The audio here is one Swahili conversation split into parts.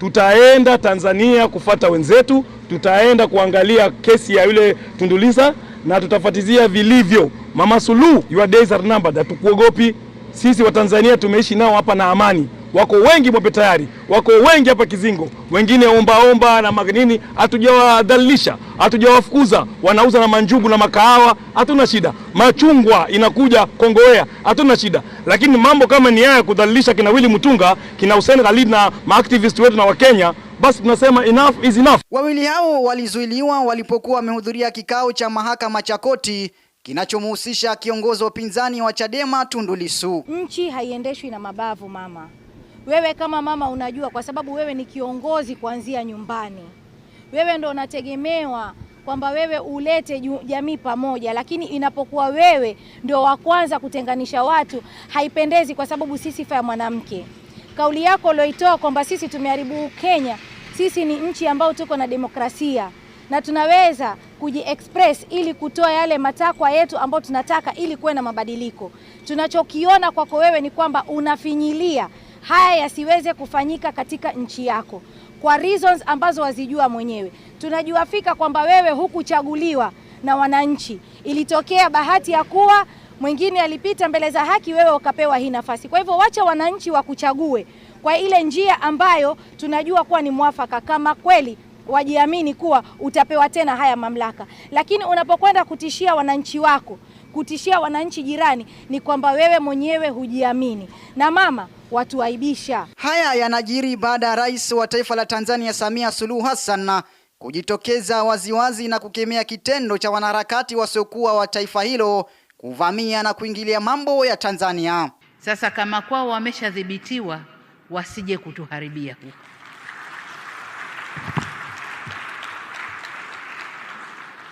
tutaenda Tanzania kufata wenzetu, tutaenda kuangalia kesi ya yule Tunduliza na tutafatizia vilivyo. Mama Suluhu, your days are numbered. Hatukuogopi sisi, Watanzania tumeishi nao hapa na amani wako wengi Mwape tayari wako wengi hapa Kizingo, wengine ombaomba na nini, hatujawadhalilisha hatujawafukuza, wanauza na manjugu na makahawa, hatuna shida. Machungwa inakuja Kongowea, hatuna shida. Lakini mambo kama ni haya ya kudhalilisha kina Willy Mutunga kina Hussein Khalid na maaktivisti wetu na Wakenya, basi tunasema enough is enough. Wawili hao walizuiliwa walipokuwa wamehudhuria kikao cha mahakama cha koti kinachomhusisha kiongozi wa upinzani wa Chadema Tundu Lissu. Nchi haiendeshwi na mabavu mama. Wewe kama mama unajua, kwa sababu wewe ni kiongozi kuanzia nyumbani. Wewe ndo unategemewa kwamba wewe ulete jamii pamoja, lakini inapokuwa wewe ndio wa kwanza kutenganisha watu haipendezi, kwa sababu si sifa ya mwanamke. Kauli yako ulioitoa kwamba sisi tumeharibu Kenya, sisi ni nchi ambayo tuko na demokrasia na tunaweza kujiexpress ili kutoa yale matakwa yetu ambayo tunataka ili kuwe na mabadiliko. Tunachokiona kwako wewe ni kwamba unafinyilia haya yasiweze kufanyika katika nchi yako kwa reasons ambazo wazijua mwenyewe. Tunajua fika kwamba wewe hukuchaguliwa na wananchi, ilitokea bahati ya kuwa mwingine alipita mbele za haki, wewe ukapewa hii nafasi. Kwa hivyo wacha wananchi wakuchague kwa ile njia ambayo tunajua kuwa ni mwafaka, kama kweli wajiamini kuwa utapewa tena haya mamlaka. Lakini unapokwenda kutishia wananchi wako, kutishia wananchi jirani, ni kwamba wewe mwenyewe hujiamini. Na mama watuaibisha. Haya yanajiri baada ya rais wa taifa la Tanzania Samia Suluhu Hassan kujitokeza waziwazi na kukemea kitendo cha wanaharakati wasiokuwa wa taifa hilo kuvamia na kuingilia mambo ya Tanzania. Sasa kama kwao wameshadhibitiwa, wasije kutuharibia huko.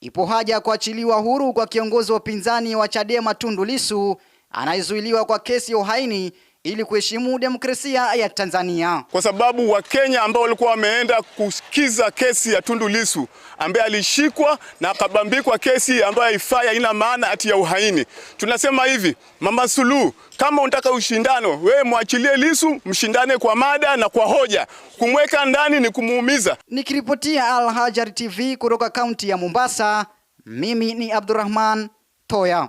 Ipo haja ya kuachiliwa huru kwa kiongozi wa upinzani wa Chadema Tundu Lissu anayezuiliwa kwa kesi ya uhaini ili kuheshimu demokrasia ya Tanzania, kwa sababu Wakenya ambao walikuwa wameenda kusikiza kesi ya Tundu Lissu ambaye alishikwa na akabambikwa kesi ambayo haifai, haina maana ati ya uhaini. Tunasema hivi, Mama Suluhu, kama unataka ushindano, wewe mwachilie Lissu, mshindane kwa mada na kwa hoja. Kumweka ndani ni kumuumiza. Nikiripotia Al Hajar TV kutoka kaunti ya Mombasa, mimi ni Abdurrahman Toya.